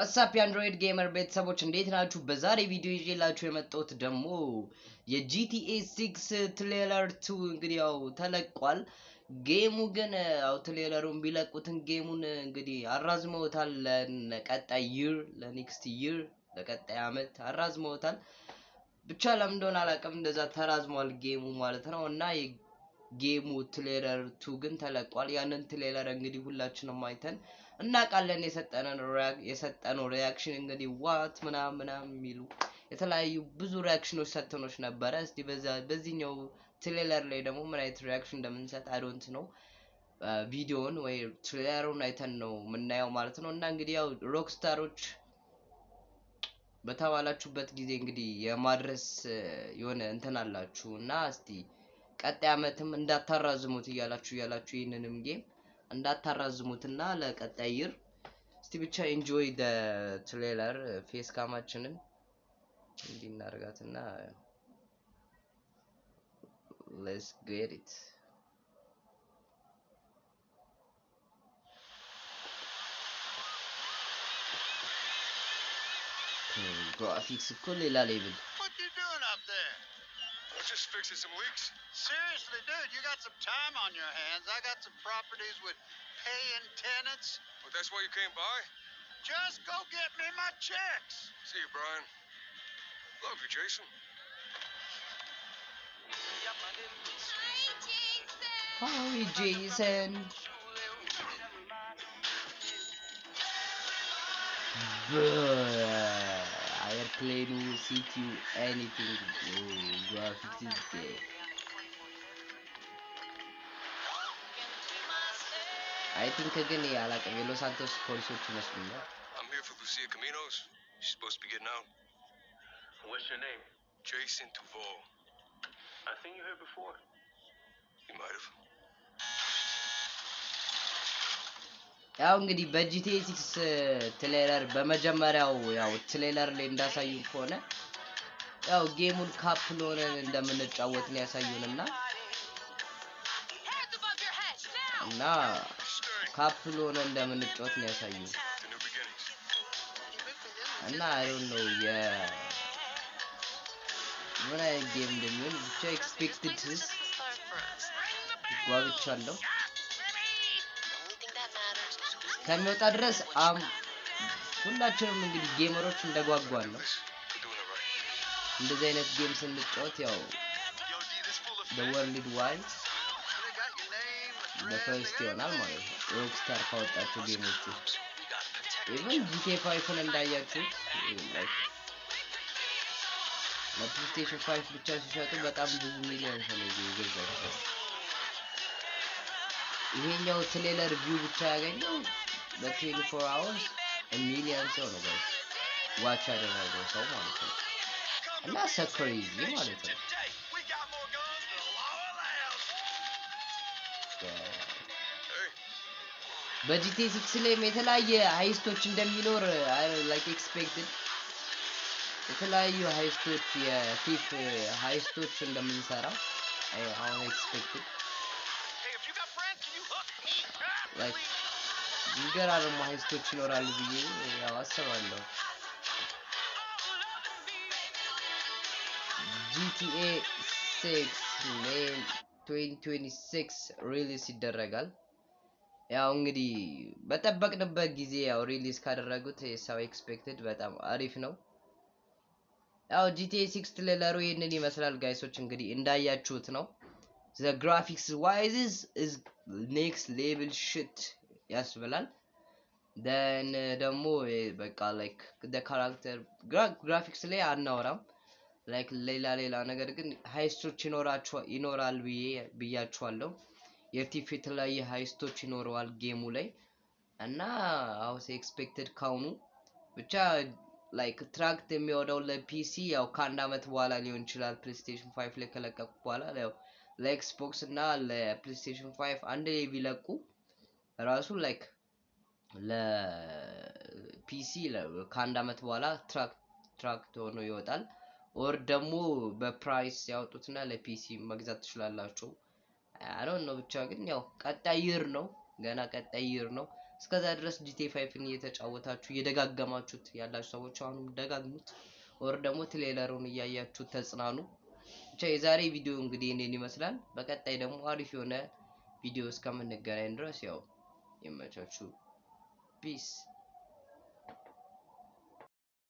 ዋትሳፕ የአንድሮይድ ጌመር ቤተሰቦች እንዴት ናችሁ? በዛሬ ቪዲዮ ይዤላችሁ የመጣሁት ደግሞ የጂቲኤ ሲክስ ትሌለር ቱ እንግዲህ ያው ተለቋል። ጌሙ ግን ያው ትሌለሩን ቢለቁትን ጌሙን እንግዲህ አራዝመውታል። ለቀጣይ ይር ለኔክስት ይር ለቀጣይ አመት አራዝመውታል። ብቻ ለምን እንደሆነ አላውቅም፣ እንደዛ ተራዝሟል ጌሙ ማለት ነው እና ጌሙ ትሌለር ቱ ግን ተለቋል። ያንን ትሌለር እንግዲህ ሁላችንም አይተን እናቃለን የሰጠነን የሰጠነው ሪያክሽን እንግዲህ ዋት ምናም ምናምን የሚሉ የተለያዩ ብዙ ሪያክሽኖች ሰጥተኖች ነበረ። እስቲ በዚህኛው ትሌለር ላይ ደግሞ ምን አይነት ሪያክሽን እንደምንሰጥ አይዶንት ነው። ቪዲዮውን ወይ ትሬለሩን አይተን ነው የምናየው ማለት ነው። እና እንግዲህ ያው ሮክስታሮች በተባላችሁበት ጊዜ እንግዲህ የማድረስ የሆነ እንትን አላችሁ እና እስቲ ቀጣይ ዓመትም እንዳታራዝሙት እያላችሁ እያላችሁ ይህንንም ጌም እንዳታራዝሙትና ለቀጣይ ይር እስቲ ብቻ ኢንጆይ ደ ትሬለር ፌስ ካማችንን እንዲህ እናድርጋትና ሌትስ ጌት ኢት ግራፊክስ እኮ ሌላ ሌብል I'm just fixing some leaks. Seriously, dude, you got some time on your hands. I got some properties with paying tenants. But well, that's why you came by? Just go get me my checks. See you, Brian. Love you, Jason. Hi, Jason. Hi, Jason. I play no CQ anything. Oh, graphics is there. I think again, yeah, like Velo eh, Santos Corso Chinasmina. I'm here for Lucia Caminos. She's supposed to be getting out. What's your name? Jason Duval. I think you here before. You might have. ያው እንግዲህ በጂቲኤ ሲክስ ትሌለር በመጀመሪያው ያው ትሌለር ላይ እንዳሳዩ ከሆነ ያው ጌሙን ካፕ ሆነን እንደምንጫወት ነው ያሳዩንና እና ካፕ ሆነን እንደምንጫወት ነው ያሳዩ እና አይዶን ነው የ ምን አይነት ጌም እንደሚሆን ብቻ ኤክስፔክትድ ጓብቻለሁ ከሚወጣ ድረስ ሁላችንም እንግዲህ ጌመሮች እንደጓጓን ነው። እንደዚህ አይነት ጌም ስንጫወት ያው በወርልድ ዋይድ በፈርስት ይሆናል ማለት ነው። ሮክስታር ካወጣቸው ጌሞቹ ኢቨን ጂቴ ፋይፍን እንዳያችሁት ለፕሌስቴሽን ፋይፍ ብቻ ሲሸጡ በጣም ብዙ ሚሊዮን ሰው ነው ይሄኛው ትሌለር ቪው ብቻ ያገኘው በ24 አወርስ ሚሊዮን ሰው ነው ጋይስ ዋች ያደረገው ሰው ማለት ነው። እና ሰክሬዚ ማለት ነው። በጂቴ ሲክስ ላይም የተለያየ ሀይስቶች እንደሚኖር ላይክ ኤክስፔክትድ የተለያዩ ሀይስቶች የፊፍ ሀይስቶች እንደምንሰራ አሁን ኤክስፔክትድ ይገራርሙ ሀይስቶች ይኖራሉ ብዬ ያው አስባለሁ። ጂቲኤ ሲክስ ሜይ ሪሊስ ይደረጋል። ያው እንግዲህ በጠበቅንበት ጊዜ ያው ሪሊዝ ካደረጉት የሰው ኤክስፔክትድ በጣም አሪፍ ነው። ያው ጂቲኤ ሲክስ ትሌለሩ ይህንን ይመስላል ጋይሶች፣ እንግዲህ እንዳያችሁት ነው ዘ ግራፊክስ ኔክስት ሌብል ሽት ያስብላል። ደን uh, ደግሞ eh, በቃ ላይክ ደ ካራክተር ግራፊክስ ላይ አናወራም። ላይክ ሌላ ሌላ ነገር ግን ሀይስቶች ይኖራል ብዬ ብያችኋለሁ። የቲፍ የተለያየ ሀይስቶች ይኖረዋል ጌሙ ላይ እና አውስ ኤክስፔክትድ ካሁኑ ብቻ ላይክ ትራክት የሚወደው ለፒሲ ያው ከአንድ አመት በኋላ ሊሆን ይችላል ፕሌይስቴሽን ፋይቭ ላይ ከለቀቁ በኋላ ያው ለኤክስቦክስ እና ለፕሌስቴሽን ፋይቭ አንድ ላይ ቢለቁ ራሱ ላይክ ለፒሲ ከአንድ አመት በኋላ ትራክት ሆኖ ይወጣል። ኦር ደግሞ በፕራይስ ያወጡትና ለፒሲ መግዛት ትችላላችሁ። አሮን ነው ብቻ ግን ያው ቀጣይ ይር ነው ገና ቀጣይ ይር ነው። እስከዛ ድረስ ጂቴ ፋይቭን እየተጫወታችሁ እየደጋገማችሁት ያላችሁ ሰዎች አሁንም ደጋግሙት። ኦር ደግሞ ትሌለሩን እያያችሁ ተጽናኑ። ብቻ የዛሬ ቪዲዮ እንግዲህ እኔን ይመስላል። በቀጣይ ደግሞ አሪፍ የሆነ ቪዲዮ እስከምንገናኝ ድረስ ያው ይመቻችሁ። ፒስ